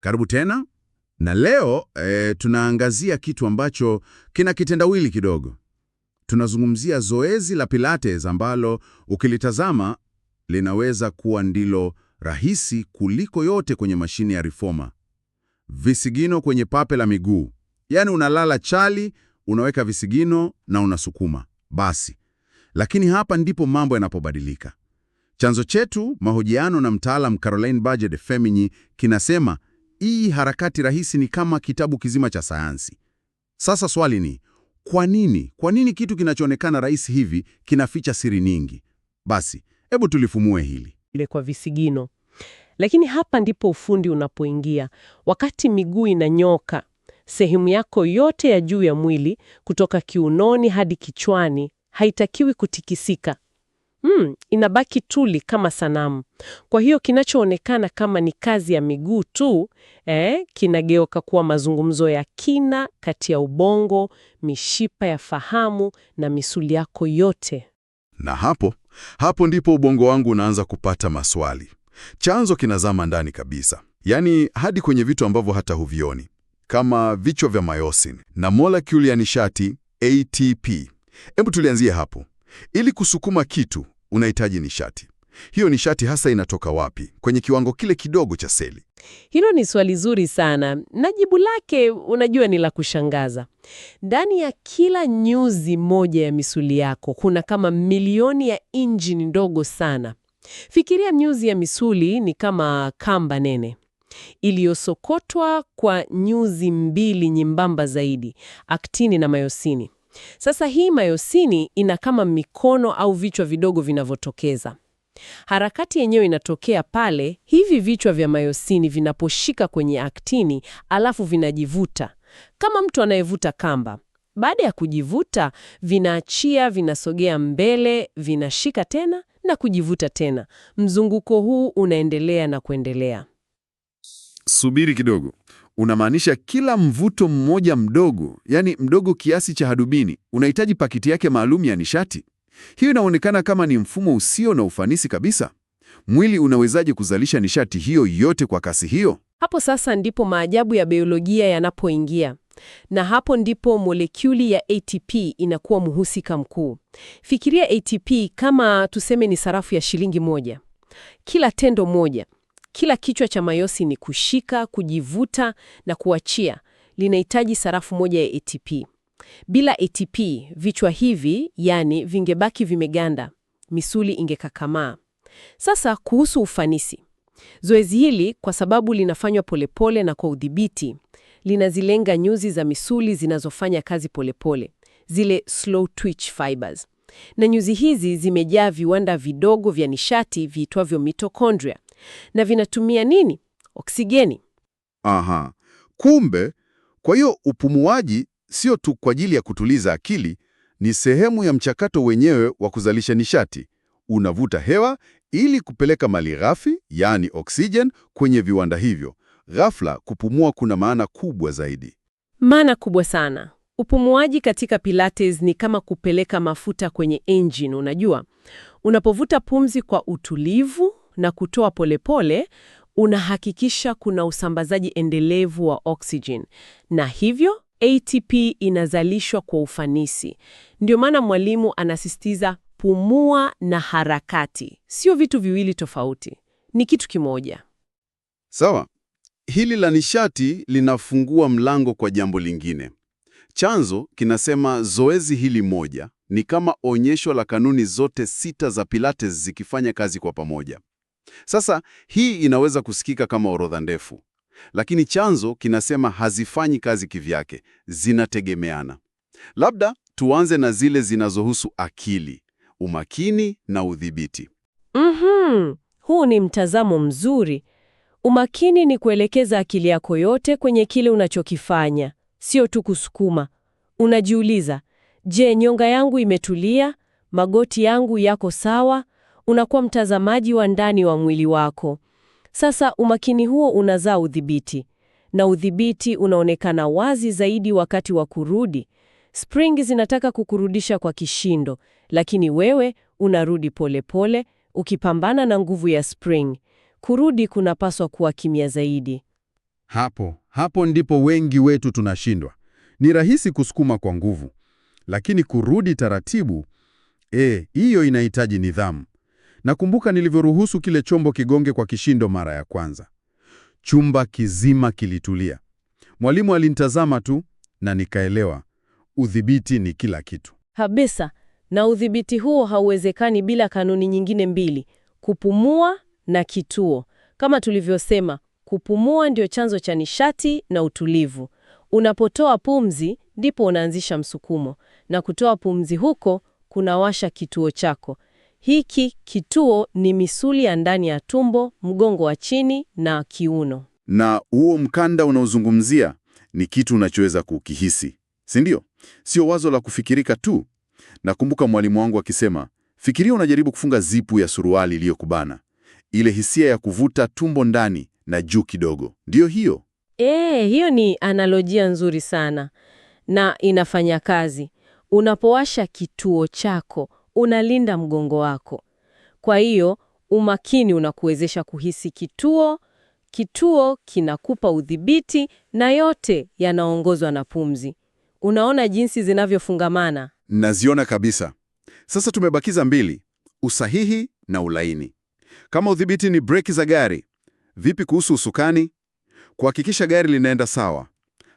Karibu tena na leo e, tunaangazia kitu ambacho kina kitendawili kidogo. Tunazungumzia zoezi la Pilates ambalo ukilitazama linaweza kuwa ndilo rahisi kuliko yote kwenye mashine ya reforma. Visigino kwenye pape la miguu, yaani unalala chali, unaweka visigino na unasukuma basi. Lakini hapa ndipo mambo yanapobadilika. Chanzo chetu mahojiano na mtaalam Caroline Budget Femini, kinasema hii harakati rahisi ni kama kitabu kizima cha sayansi. Sasa swali ni kwa nini? Kwa nini kitu kinachoonekana rahisi hivi kinaficha siri nyingi? Basi hebu tulifumue hili ile kwa visigino. Lakini hapa ndipo ufundi unapoingia. Wakati miguu inanyoka, sehemu yako yote ya juu ya mwili kutoka kiunoni hadi kichwani haitakiwi kutikisika. Hmm, inabaki tuli kama sanamu. Kwa hiyo kinachoonekana kama ni kazi ya miguu tu eh, kinageuka kuwa mazungumzo ya kina kati ya ubongo, mishipa ya fahamu na misuli yako yote. Na hapo hapo ndipo ubongo wangu unaanza kupata maswali. Chanzo kinazama ndani kabisa, yaani hadi kwenye vitu ambavyo hata huvioni kama vichwa vya myosin na molecule ya nishati ATP. Hebu tulianzie hapo. Ili kusukuma kitu unahitaji nishati. Hiyo nishati hasa inatoka wapi kwenye kiwango kile kidogo cha seli? Hilo ni swali zuri sana, na jibu lake unajua ni la kushangaza. Ndani ya kila nyuzi moja ya misuli yako kuna kama milioni ya injini ndogo sana. Fikiria nyuzi ya misuli ni kama kamba nene iliyosokotwa kwa nyuzi mbili nyembamba zaidi, aktini na mayosini. Sasa hii mayosini ina kama mikono au vichwa vidogo vinavyotokeza. Harakati yenyewe inatokea pale hivi vichwa vya mayosini vinaposhika kwenye aktini, alafu vinajivuta kama mtu anayevuta kamba. Baada ya kujivuta, vinaachia, vinasogea mbele, vinashika tena na kujivuta tena. Mzunguko huu unaendelea na kuendelea. Subiri kidogo unamaanisha kila mvuto mmoja mdogo, yani mdogo kiasi cha hadubini, unahitaji pakiti yake maalum ya nishati. Hiyo inaonekana kama ni mfumo usio na ufanisi kabisa. Mwili unawezaje kuzalisha nishati hiyo yote kwa kasi hiyo? Hapo sasa ndipo maajabu ya biolojia yanapoingia, na hapo ndipo molekuli ya ATP inakuwa mhusika mkuu. Fikiria ATP kama tuseme ni sarafu ya shilingi moja. Kila tendo moja kila kichwa cha mayosi ni kushika, kujivuta na kuachia. Linahitaji sarafu moja ya ATP. Bila ATP, vichwa hivi yani vingebaki vimeganda, misuli ingekakamaa. Sasa kuhusu ufanisi. Zoezi hili kwa sababu linafanywa polepole na kwa udhibiti, linazilenga nyuzi za misuli zinazofanya kazi polepole, zile slow twitch fibers. Na nyuzi hizi zimejaa viwanda vidogo vya nishati viitwavyo mitochondria na vinatumia nini? Oksijeni. Aha. Kumbe, kwa hiyo upumuaji sio tu kwa ajili ya kutuliza akili, ni sehemu ya mchakato wenyewe wa kuzalisha nishati. Unavuta hewa ili kupeleka mali ghafi, yaani oksijeni, kwenye viwanda hivyo. Ghafla kupumua kuna maana kubwa zaidi, maana kubwa sana. Upumuaji katika Pilates ni kama kupeleka mafuta kwenye engine. Unajua, unapovuta pumzi kwa utulivu na kutoa polepole, unahakikisha kuna usambazaji endelevu wa oxygen, na hivyo ATP inazalishwa kwa ufanisi. Ndio maana mwalimu anasisitiza pumua na harakati, sio vitu viwili tofauti, ni kitu kimoja. Sawa. Hili la nishati linafungua mlango kwa jambo lingine. Chanzo kinasema zoezi hili moja ni kama onyesho la kanuni zote sita za Pilates zikifanya kazi kwa pamoja. Sasa hii inaweza kusikika kama orodha ndefu, lakini chanzo kinasema hazifanyi kazi kivyake, zinategemeana. Labda tuanze na zile zinazohusu akili, umakini na udhibiti. Mm -hmm. Huu ni mtazamo mzuri. Umakini ni kuelekeza akili yako yote kwenye kile unachokifanya, sio tu kusukuma. Unajiuliza, je, nyonga yangu imetulia? Magoti yangu yako sawa? unakuwa mtazamaji wa ndani wa mwili wako. Sasa umakini huo unazaa udhibiti, na udhibiti unaonekana wazi zaidi wakati wa kurudi. Spring zinataka kukurudisha kwa kishindo, lakini wewe unarudi polepole pole, ukipambana na nguvu ya spring. Kurudi kunapaswa kuwa kimya zaidi. Hapo hapo ndipo wengi wetu tunashindwa. Ni rahisi kusukuma kwa nguvu, lakini kurudi taratibu, eh, hiyo inahitaji nidhamu. Nakumbuka nilivyoruhusu kile chombo kigonge kwa kishindo mara ya kwanza. Chumba kizima kilitulia. Mwalimu alinitazama tu na nikaelewa, udhibiti ni kila kitu kabisa. Na udhibiti huo hauwezekani bila kanuni nyingine mbili, kupumua na kituo. Kama tulivyosema, kupumua ndio chanzo cha nishati na utulivu. Unapotoa pumzi ndipo unaanzisha msukumo, na kutoa pumzi huko kunawasha kituo chako. Hiki kituo ni misuli ya ndani ya tumbo, mgongo wa chini na kiuno. Na huo mkanda unaozungumzia ni kitu unachoweza kukihisi, si ndio? Sio wazo la kufikirika tu. Nakumbuka mwalimu wangu akisema, fikiria unajaribu kufunga zipu ya suruali iliyokubana. Ile hisia ya kuvuta tumbo ndani na juu kidogo, ndiyo hiyo. E, hiyo ni analojia nzuri sana na inafanya kazi. Unapowasha kituo chako unalinda mgongo wako. Kwa hiyo umakini unakuwezesha kuhisi kituo, kituo kinakupa udhibiti, na yote yanaongozwa na pumzi. Unaona jinsi zinavyofungamana? Naziona kabisa. Sasa tumebakiza mbili, usahihi na ulaini. Kama udhibiti ni breki za gari, vipi kuhusu usukani? Kuhakikisha gari linaenda sawa,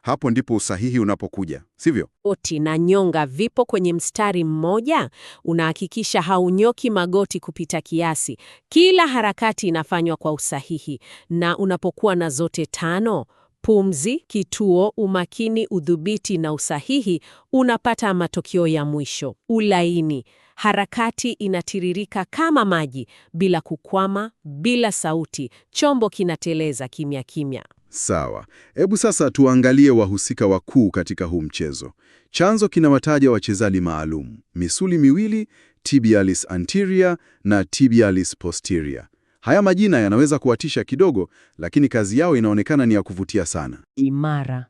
hapo ndipo usahihi unapokuja, sivyo? Goti na nyonga vipo kwenye mstari mmoja, unahakikisha haunyoki magoti kupita kiasi. Kila harakati inafanywa kwa usahihi, na unapokuwa na zote tano pumzi, kituo, umakini, udhibiti na usahihi, unapata matokeo ya mwisho: ulaini. Harakati inatiririka kama maji, bila kukwama, bila sauti. Chombo kinateleza kimya kimya. Sawa, hebu sasa tuangalie wahusika wakuu katika huu mchezo. Chanzo kinawataja wachezaji maalum, misuli miwili, tibialis anterior na tibialis posterior. Haya majina yanaweza kuwatisha kidogo, lakini kazi yao inaonekana ni ya kuvutia sana. Imara.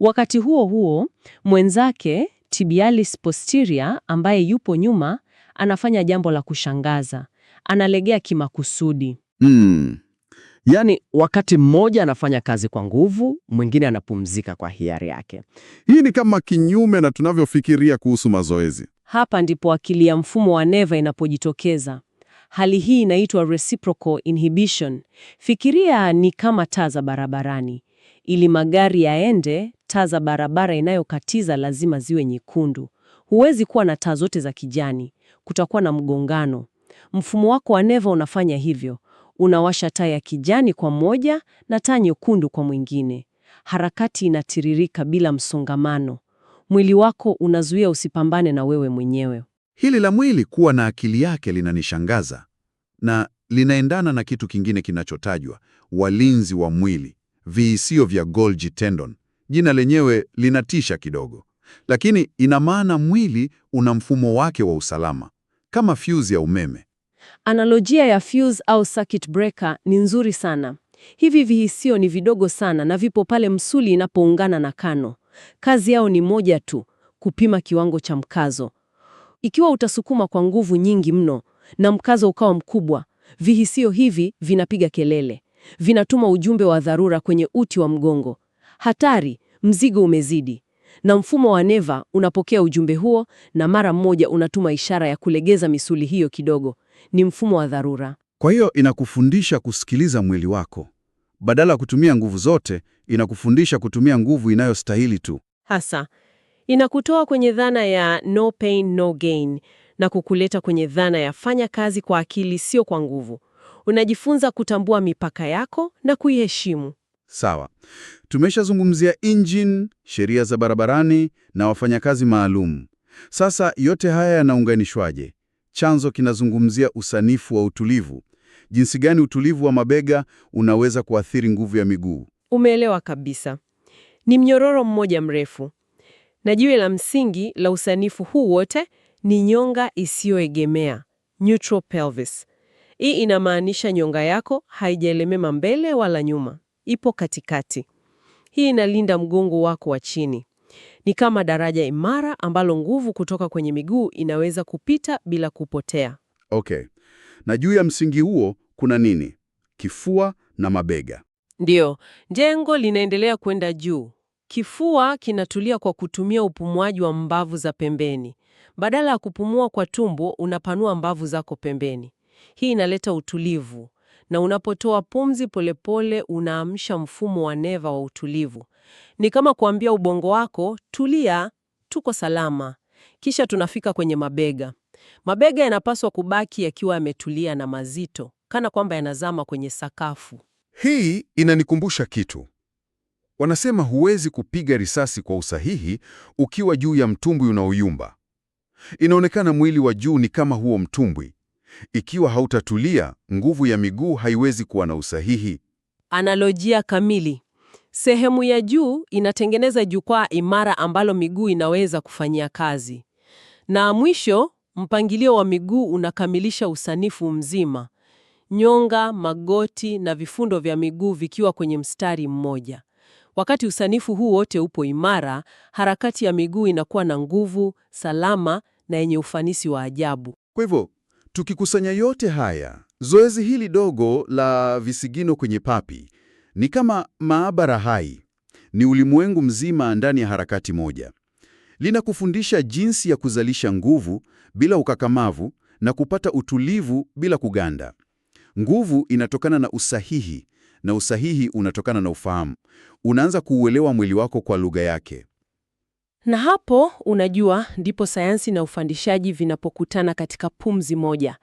Wakati huo huo, mwenzake tibialis posterior ambaye yupo nyuma anafanya jambo la kushangaza. Analegea kimakusudi. Mm. Yaani wakati mmoja anafanya kazi kwa nguvu, mwingine anapumzika kwa hiari yake. Hii ni kama kinyume na tunavyofikiria kuhusu mazoezi. Hapa ndipo akili ya mfumo wa neva inapojitokeza. Hali hii inaitwa reciprocal inhibition. Fikiria ni kama taa za barabarani. Ili magari yaende, taa za barabara inayokatiza lazima ziwe nyekundu. Huwezi kuwa na taa zote za kijani, kutakuwa na mgongano. Mfumo wako wa neva unafanya hivyo. Unawasha taa ya kijani kwa moja na taa nyekundu kwa mwingine. Harakati inatiririka bila msongamano. Mwili wako unazuia usipambane na wewe mwenyewe. Hili la mwili kuwa na akili yake linanishangaza na linaendana na kitu kingine kinachotajwa, walinzi wa mwili, viisio vya Golgi tendon. Jina lenyewe linatisha kidogo, lakini ina maana mwili una mfumo wake wa usalama kama fuse ya umeme. Analojia ya fuse au circuit breaker ni nzuri sana. Hivi vihisio ni vidogo sana na vipo pale msuli inapoungana na kano. Kazi yao ni moja tu, kupima kiwango cha mkazo. Ikiwa utasukuma kwa nguvu nyingi mno na mkazo ukawa mkubwa, vihisio hivi vinapiga kelele, vinatuma ujumbe wa dharura kwenye uti wa mgongo: hatari, mzigo umezidi. Na mfumo wa neva unapokea ujumbe huo na mara mmoja unatuma ishara ya kulegeza misuli hiyo kidogo ni mfumo wa dharura. Kwa hiyo inakufundisha kusikiliza mwili wako badala ya kutumia nguvu zote, inakufundisha kutumia nguvu inayostahili tu. Hasa inakutoa kwenye dhana ya no pain no gain na kukuleta kwenye dhana ya fanya kazi kwa akili, sio kwa nguvu. Unajifunza kutambua mipaka yako na kuiheshimu. Sawa, tumeshazungumzia engine, sheria za barabarani na wafanyakazi maalum. Sasa yote haya yanaunganishwaje? Chanzo kinazungumzia usanifu wa utulivu, jinsi gani utulivu wa mabega unaweza kuathiri nguvu ya miguu. Umeelewa kabisa, ni mnyororo mmoja mrefu, na jiwe la msingi la usanifu huu wote ni nyonga isiyoegemea, neutral pelvis. Hii inamaanisha nyonga yako haijaelemema mbele wala nyuma, ipo katikati. Hii inalinda mgongo wako wa chini. Ni kama daraja imara ambalo nguvu kutoka kwenye miguu inaweza kupita bila kupotea. Okay. Na juu ya msingi huo kuna nini? Kifua na mabega. Ndiyo, jengo linaendelea kwenda juu. Kifua kinatulia kwa kutumia upumuaji wa mbavu za pembeni. Badala ya kupumua kwa tumbo, unapanua mbavu zako pembeni. Hii inaleta utulivu, na unapotoa pumzi polepole, unaamsha mfumo wa neva wa utulivu. Ni kama kuambia ubongo wako, tulia, tuko salama. Kisha tunafika kwenye mabega. Mabega yanapaswa kubaki yakiwa yametulia na mazito, kana kwamba yanazama kwenye sakafu. Hii inanikumbusha kitu. Wanasema huwezi kupiga risasi kwa usahihi ukiwa juu ya mtumbwi unaoyumba. Inaonekana mwili wa juu ni kama huo mtumbwi. Ikiwa hautatulia, nguvu ya miguu haiwezi kuwa na usahihi. Analojia kamili. Sehemu ya juu inatengeneza jukwaa imara ambalo miguu inaweza kufanyia kazi, na mwisho, mpangilio wa miguu unakamilisha usanifu mzima, nyonga, magoti na vifundo vya miguu vikiwa kwenye mstari mmoja. Wakati usanifu huu wote upo imara, harakati ya miguu inakuwa na nguvu, salama na yenye ufanisi wa ajabu. Kwa hivyo, tukikusanya yote haya, zoezi hili dogo la visigino kwenye papi ni kama maabara hai, ni ulimwengu mzima ndani ya harakati moja. Linakufundisha jinsi ya kuzalisha nguvu bila ukakamavu na kupata utulivu bila kuganda. Nguvu inatokana na usahihi na usahihi unatokana na ufahamu. Unaanza kuuelewa mwili wako kwa lugha yake, na hapo unajua, ndipo sayansi na ufundishaji vinapokutana katika pumzi moja,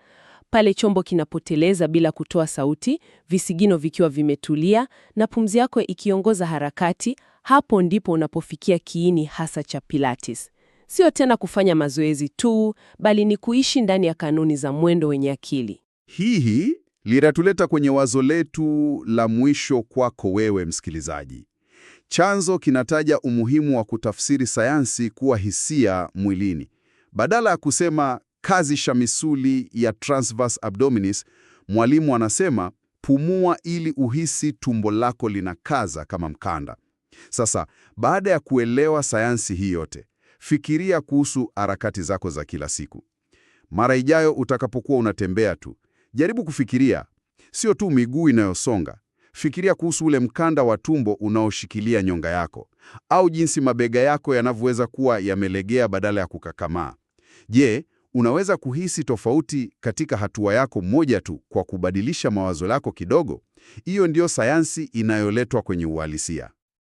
pale chombo kinapoteleza bila kutoa sauti, visigino vikiwa vimetulia na pumzi yako ikiongoza harakati, hapo ndipo unapofikia kiini hasa cha Pilates. Sio tena kufanya mazoezi tu, bali ni kuishi ndani ya kanuni za mwendo wenye akili. hihi linatuleta kwenye wazo letu la mwisho kwako wewe msikilizaji. Chanzo kinataja umuhimu wa kutafsiri sayansi kuwa hisia mwilini, badala ya kusema kazisha misuli ya transverse abdominis, mwalimu anasema pumua ili uhisi tumbo lako linakaza kama mkanda. Sasa baada ya kuelewa sayansi hii yote, fikiria kuhusu harakati zako za kila siku. Mara ijayo utakapokuwa unatembea tu, jaribu kufikiria sio tu miguu inayosonga. Fikiria kuhusu ule mkanda wa tumbo unaoshikilia nyonga yako, au jinsi mabega yako yanavyoweza kuwa yamelegea badala ya kukakamaa. Je, unaweza kuhisi tofauti katika hatua yako moja tu kwa kubadilisha mawazo yako kidogo. Hiyo ndiyo sayansi inayoletwa kwenye uhalisia.